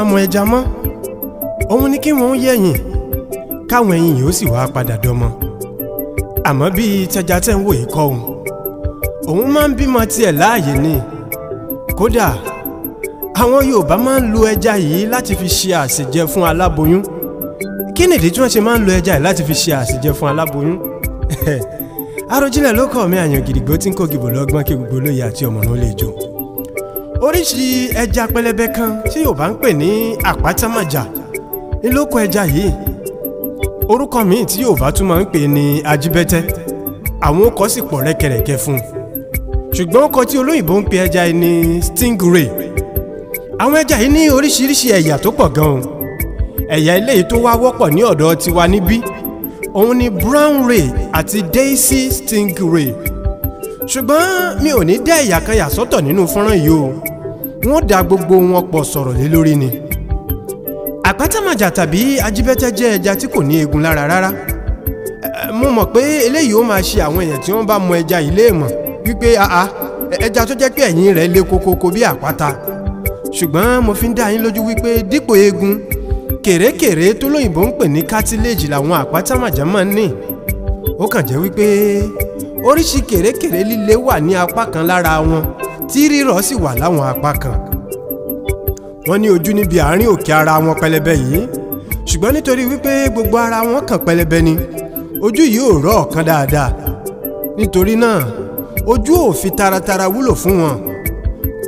àmọ́ ẹja mọ́ òun ni kí wọ́n yẹ̀yìn káwọn ẹ̀yìn yìí ó sì wá padà dọmọ àmọ́ bíi tẹja tẹ́ ń wò yìí kọ́ òun òun máa ń bímọ tiẹ̀ láàyè ni kódà àwọn Yorùbá máa ń lo ẹja yìí láti fi ṣe àṣejẹ fún aláboyún kí nìdí tí wọ́n ṣe máa ń lo ẹja yìí láti fi ṣe àṣejẹ fún aláboyún Àròjinlẹ̀ ló kọ́ mi àyàn gidigbó tí ń kó gìbò lọ́gbọ́n kí gbogbo olóye àti ọmọ náà lè jò oríṣi ẹja pẹlẹbẹ kan tí Yorùbá ń pè ní àpátámàjà ńlọkọ ẹja yìí orúkọ míì tí Yorùbá tún máa ń pè ní ajibẹ́tẹ́ àwọn ó sì pọ̀ rẹ́kẹrẹ́kẹ fún un ṣùgbọ́n tí olóyìnbó ń pè ẹja yìí ní stingray àwọn ẹja yìí ní oríṣiríṣi ẹ̀yà tó pọ̀ gan-an ẹ̀yà eléyìí tó wá wọ́pọ̀ ní ọ̀dọ̀ tiwa níbí òun ni brown ray àti daisy stingray ṣùgbọ́n mi ò ní dá ẹ̀yà kan yà sọ́tọ̀ nínú fọ́nrán yìí o wọ́n da gbogbo wọn pọ̀ sọ̀rọ̀ lé lórí ni àpátámàjà tàbí ajíbẹ́tẹ́ jẹ́ ẹja tí kò ní eegun lára rárá mo mọ̀ pé eléyìí ó máa ṣe àwọn èèyàn tí wọ́n bá mọ ẹja yìí léèmọ̀ wípé àá ẹja tó jẹ́ pé ẹ̀yìn rẹ̀ le kokoko bí àpáta ṣùgbọ́n mo fi ń dá yín lójú wípé dípò eegun kèrèkèrè tó lóyìnbó ń pè ní cartilage làwọn àpátámàjà máa ń ní ó kàn jẹ́ wípé oríṣi kèrèkèrè líle wà ní apá kan lára wọn tí rírọ̀ sì wà láwọn apá kan wọ́n ní ojú níbi àárín òkè ara wọn pẹlẹbẹ yìí ṣùgbọ́n nítorí wípé gbogbo ara wọn kàn pẹlẹbẹ ni ojú yìí ò rọ̀ ọ̀kan dáadáa nítorí náà ojú ò fi taratara wúlò fún wọn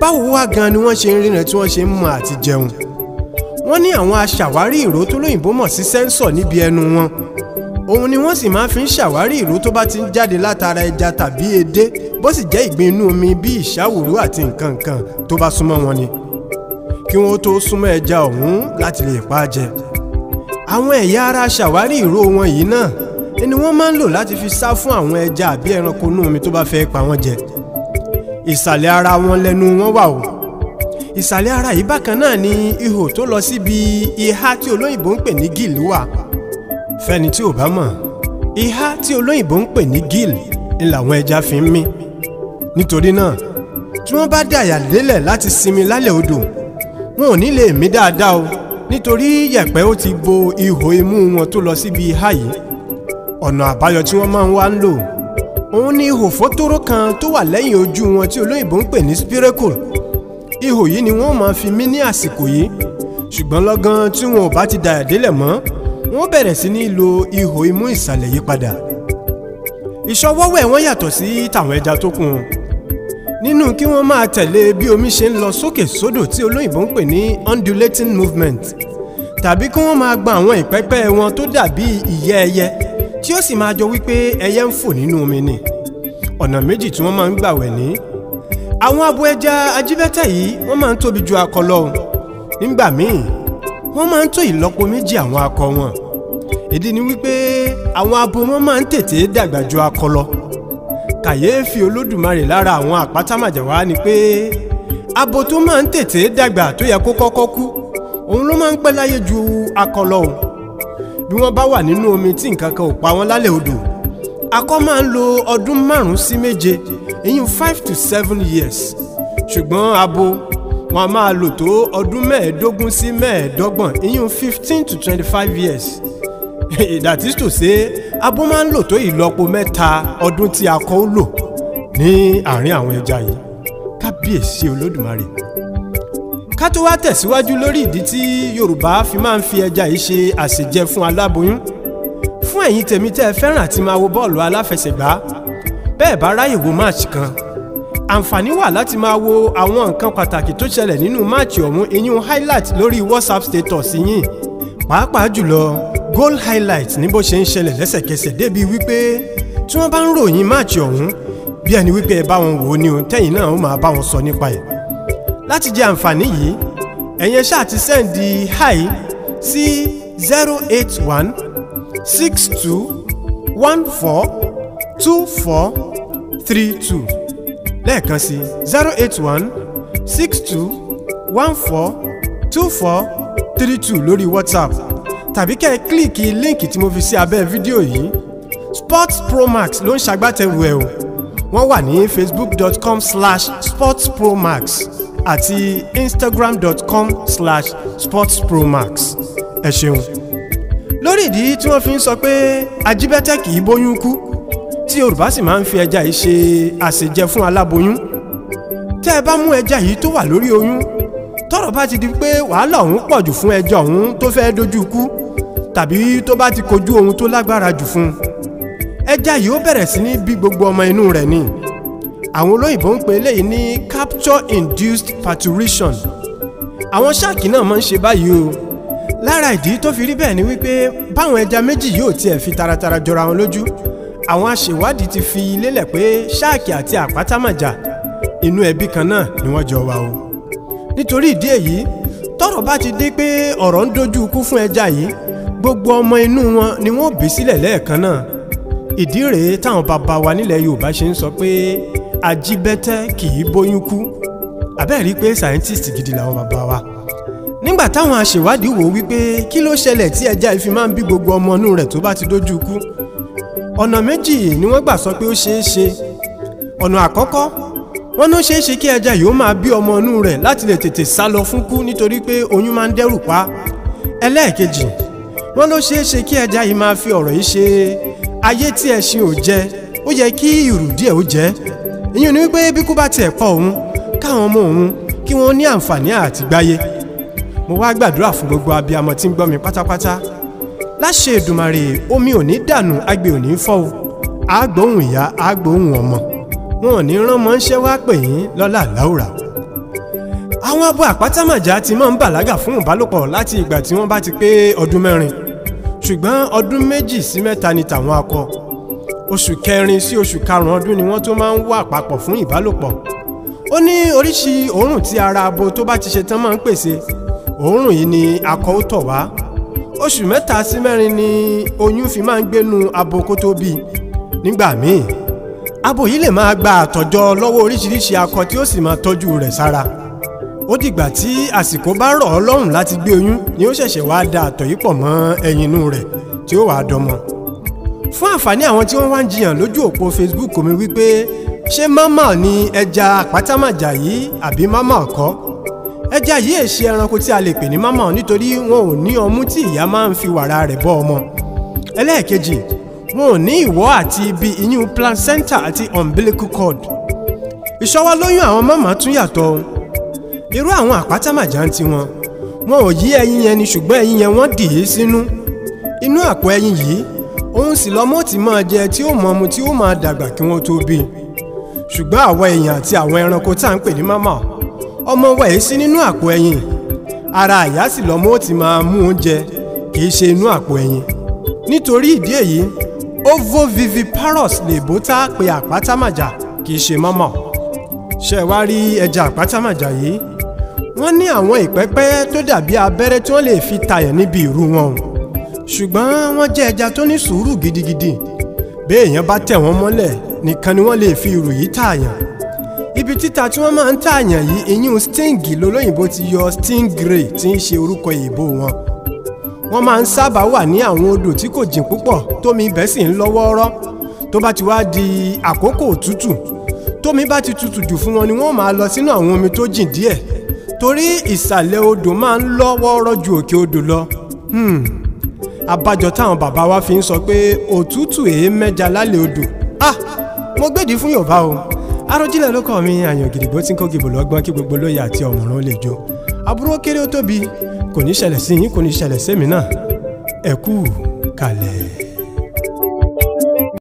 báwo wá gan ni wọ́n ṣe ń ríran tí wọ́n ṣe ń mọ àti jẹun wọ́n ní àwọn aṣàwárí ìró tó lóyìnbó mọ̀ sí sẹ́ńsọ̀ níbi ẹnu wọn òun ni wọ́n sì máa fi ń ṣàwárí ìró tó bá ti ń jáde látara ẹja tàbí edé bó sì jẹ́ ìgbín inú omi bí ìṣàwòrò àti nǹkan nǹkan tó bá súnmọ́ wọn ni kí wọ́n tó súnmọ́ ẹja ọ̀hún láti lè pa á jẹ àwọn ẹ̀yà ara ṣàwárí ìró wọn yìí náà ni wọ́n máa ń lò láti fi sá fún àwọn ẹja àbí ẹranko inú omi tó bá fẹ́ pa wọ́n jẹ ìsàlẹ̀ ara wọn lẹ́nu wọn wà o ìsàlẹ̀ ara yìí bákan náà ni ihò tó lọ síbi ìhà tí olóyìnbó ń pè ní gìlú fẹ́ni tí ò bá mọ̀ ìhá tí olóyìnbó ń pè ní gill ni làwọn ẹja fi ń mí nítorí náà tí wọ́n bá dàyà lélẹ̀ láti sinmi lálẹ́ odò wọn ò ní lè mí dáadáa o nítorí yẹ̀pẹ̀ ó ti bo ihò imú wọn tó lọ síbi ìhá yìí ọ̀nà àbáyọ tí wọ́n máa ń wá ń lò òun ni ihò fótóró kan tó wà lẹ́yìn ojú wọn tí olóyìnbó ń pè ní spiracle ihò yìí ni wọ́n máa fi mí ní àsìkò yìí ṣùgbọ́n lọ́gán tí wọn ò bá ti dàyà délẹ̀ mọ́ wọ́n bẹ̀rẹ̀ sí ní lo ihò imú ìsàlẹ̀ yí padà ìṣọwọ́wẹ̀ wọ́n yàtọ̀ sí tàwọn ẹja tó kù nínú kí wọ́n máa tẹ̀lé bí omi ṣe ń lọ sókè sódò tí olóyìnbó ń pè ní undulating movement tàbí kí wọ́n máa gba àwọn ìpẹ́pẹ́ wọn tó dàbí ìyẹ́ ẹyẹ tí ó sì máa jọ wípé ẹyẹ ń fò nínú omi ni ọ̀nà méjì tí wọ́n máa ń gbà ní. àwọn abo ẹja ajíbẹ́tẹ̀ yìí wọ́n máa ń tóbi ju akọ lọ nígbà míì wọ́n máa ń tó ìlọ́po méjì àwọn akọ wọn ìdí ni wípé àwọn abo wọn máa ń tètè dàgbà ju akọ lọ kàyééfì olódùmarè lára àwọn àpátámàjàwá ni pé abo tó máa ń tètè dàgbà tó yẹ kó kọ́kọ́ kú òun ló máa ń pẹ́ láyé ju akọ lọ o bí wọ́n bá wà nínú omi tí nǹkan kan ò pa wọ́n lálẹ́ odò akọ máa ń lo ọdún márùn-ún sí méje ìyún five to seven years ṣùgbọ́n abo wọ́n a máa lò tó ọdún mẹ́ẹ̀ẹ́dógún sí mẹ́ẹ̀ẹ́dọ́gbọ̀n ìyún fifteen to twenty five years that is to say abo máa ń lò tó ìlọ́po mẹ́ta ọdún tí akọ ó lò ní àárín àwọn ẹja yìí kábíyèsí olódùmarè ká tó wá tẹ̀síwájú lórí ìdí tí yorùbá fi máa ń fi ẹja yìí ṣe àṣejẹ fún aláboyún fún ẹ̀yin tèmi tẹ́ ẹ fẹ́ràn àti máa wo bọ́ọ̀lù aláfẹsẹ̀gbá bẹ́ẹ̀ bá ráyè wo match kan àǹfààní wà láti máa wo àwọn nǹkan pàtàkì tó ṣẹlẹ̀ nínú máàcì ọ̀hún ìyún highlight lórí whatsapp status yín pàápàá jùlọ goal highlight ní bó ṣe ń ṣẹlẹ̀ lẹ́sẹ̀kẹsẹ̀ débi wípé tí wọ́n bá ń ròyìn máàcì ọ̀hún bí ẹni wípé ẹ bá wọn wò ó ní o tẹ́yìn náà ó máa bá wọn sọ nípa ẹ̀ láti jẹ àǹfààní yìí ẹ̀yẹn ṣáà ti sẹ́ǹdì hi sí zero eight one six two one four two four three two lẹ́ẹ̀kan sí zero eight one six two one four two four three two lórí whatsapp tàbí kẹ́ ẹ kílíìkì líǹkì tí mo fi sí abẹ́ fídíò yìí sports pro max ló ń ṣagbátẹrù ẹ̀ o wọ́n wà ní facebook.com slash sportspromax àti instagram.com slash sportspromax ẹ ṣeun lórí ìdí tí wọ́n fi ń sọ pé ajibẹ́tẹ̀ kì í bóyún kú tí Yorùbá sì máa ń fi ẹja yìí ṣe àṣejẹ fún aláboyún tẹ́ ẹ bá mú ẹja yìí tó wà lórí oyún tọ́rọ̀ bá ti di pé wàhálà ọ̀hún pọ̀ jù fún ẹja ọ̀hún tó fẹ́ dojú ikú tàbí tó bá ti kojú ohun tó lágbára jù fún un ẹja yìí ó bẹ̀rẹ̀ sí ní bí gbogbo ọmọ inú rẹ̀ ni àwọn olóyìnbó ń pè eléyìí ní capture induced parturition àwọn ṣáàkì náà máa ń ṣe báyìí o lára ìdí tó fi rí bẹ́ẹ̀ ni wípé báwọn ẹja méjì yóò tiẹ̀ fi taratara jọra wọn lójú àwọn aṣèwádìí ti fi lélẹ̀ pé ṣáàkì àti àpátámàjà inú ẹbí kan náà ni wọ́n jọ wà o nítorí ìdí èyí tọ́rọ̀ bá ti dé pé ọ̀rọ̀ ń dojú ikú fún ẹja yìí gbogbo ọmọ inú wọn ni wọ́n bí sílẹ̀ lẹ́ẹ̀kan náà ìdí rèé táwọn bàbá wa nílẹ̀ Yorùbá ṣe ń sọ pé ajíbẹ́tẹ́ kì í bóyún kú àbẹ́ẹ̀ rí pé scientist gidi làwọn bàbá wa nígbà táwọn aṣèwádìí wò wípé kí ló ṣẹlẹ̀ tí ẹja yìí fi máa ń bí gbogbo ọmọ inú rẹ̀ tó bá ti dojú ikú ọ̀nà méjì ni wọ́n gbà sọ pé ó ṣeé ṣe ọ̀nà àkọ́kọ́ wọ́n ní ó ṣeé ṣe kí ẹja yìí ó máa bí ọmọ inú rẹ̀ láti lè tètè sá lọ fún kú nítorí pé oyún máa ń dẹ́rù pa ẹlẹ́ẹ̀kejì wọ́n ló ṣeé ṣe kí ẹja yìí máa fi ọ̀rọ̀ yìí ṣe ayé tí ẹṣin ò jẹ ó yẹ kí ìrùdí ẹ̀ ó jẹ ìyẹn ni wípé bí kú bá tiẹ̀ pa òun káwọn ọmọ òun kí wọ́n ní àǹfààní àtìgbáyé mo wá gbàdúrà fún gbogbo abiyamọ tí ń gbọ́ mi pátápátá láṣẹ Èdùmàrè omi ò ní dànù agbè ò ní fọ́ o àgbóhùn ìyá àgbóhùn ọmọ wọn ò ní rán mọ́ńṣẹ́ wá pè yín lọ́lá láwùrà àwọn abo àpátámàjà ti máa ń bàlágà fún ìbálòpọ̀ láti ìgbà tí wọ́n bá ti pé ọdún mẹ́rin ṣùgbọ́n ọdún méjì sí mẹ́ta ni tàwọn akọ oṣù kẹrin sí oṣù karùn-ún ọdún ni wọ́n tó máa ń wà papọ̀ fún ìbálòpọ̀ ó ní oríṣi òórùn tí ara abo tó bá ti ṣe tán máa ń pèsè òórùn yìí ni akọ ó tọ̀ wá oṣù mẹ́ta sí mẹ́rin ni oyún fi máa ń gbénu abo kó tó bí nígbà míì abo yìí lè máa gba àtọ̀jọ lọ́wọ́ oríṣiríṣi akọ tí ó sì máa tọ́jú rẹ̀ sára ó dìgbà tí àsìkò bá rọ̀ ọ́ lọ́rùn láti gbé oyún ni ó ṣẹ̀ṣẹ̀ wáá da àtọ̀ yìí pọ̀ mọ́ ẹyin inú rẹ̀ tí ó wàá dọmọ fún àǹfààní àwọn tí wọ́n wá ń jiyàn lójú òpó Facebook mi wípé ṣé mama ni ẹja àpátámàjà yìí àbí mama kọ́ ẹja yìí èṣe ẹranko tí a lè pè ní mama nítorí wọn ò ní ọmú tí ìyá máa ń fi wàrà rẹ̀ bọ́ ọmọ ẹlẹ́ẹ̀kejì wọn ò ní ìwọ́ àti ibi ìyún placenta àti umbilical cord ìṣọwọ́ àwọn mama tún yàtọ̀ irú àwọn àpátámàjà ń tiwọn wọn ò yí ẹyin yẹn ni ṣùgbọ́n ẹyin yẹn wọ́n dì í sínú inú àpò ẹyin yìí òun sì lọ́mọ tí máa jẹ tí ó mọ̀ọ́mu tí ó máa dàgbà kí wọ́n tó bí ṣùgbọ́n àwọn èèyàn àti àwọn ẹranko tá à ń pè ní mama ọmọ wa yìí sí nínú àpò ẹyin ara àyà sì lọ́mọ ó ti máa mú oúnjẹ kì í ṣe inú àpò ẹyin nítorí ìdí èyí ovoviviparous lèbó tá a pe àpátámàjà kì í ṣe mọ́mọ́ ṣe wá rí ẹja àpátámàjà yìí wọ́n ní àwọn ìpẹ́pẹ́ tó dàbí abẹ́rẹ́ tí wọ́n lè fi tayàn níbi ìrù wọn o ṣùgbọ́n wọ́n jẹ́ ẹja tó ní sùúrù gidigidi béèyàn bá tẹ̀ wọ́n mọ́lẹ̀ nìkan ni wọ́n lè fi ìrù yìí tààyàn ibi títa tí wọ́n máa ń tààyàn yìí ìyún sting lolóyìnbó ti yọ stingray tí ń ṣe orúkọ èèbó wọn wọ́n máa ń sábà wà ní àwọn odò tí kò jìn púpọ̀ tómi ibẹ̀ sì ń lọ́wọ́ọ́rọ́ tó bá ti wá di àkókò òtútù tómi bá ti tutù jù fún wọn ni wọ́n máa lọ sínú àwọn omi tó jìn díẹ̀ torí ìsàlẹ̀ odò máa ń lọ́wọ́ọ́rọ́ ju òkè odò lọ hmm. abájọ táwọn bàbá wa fi ń sọ pé òtútù èé mẹ́ja lálẹ́ odò ah mo gbèdí fún Yorùbá o. Àròjinlẹ̀ ló kàn mí àyàn gidigbo tí ń kó gìbò lọ́gbọ́n kí gbogbo lóye àti ọ̀mọ̀ràn lè jó aburú kéré ó tóbi kò ní ṣẹlẹ̀ sí yín kò ní ṣẹlẹ̀ sẹ́mi náà ẹ kú kalẹ̀.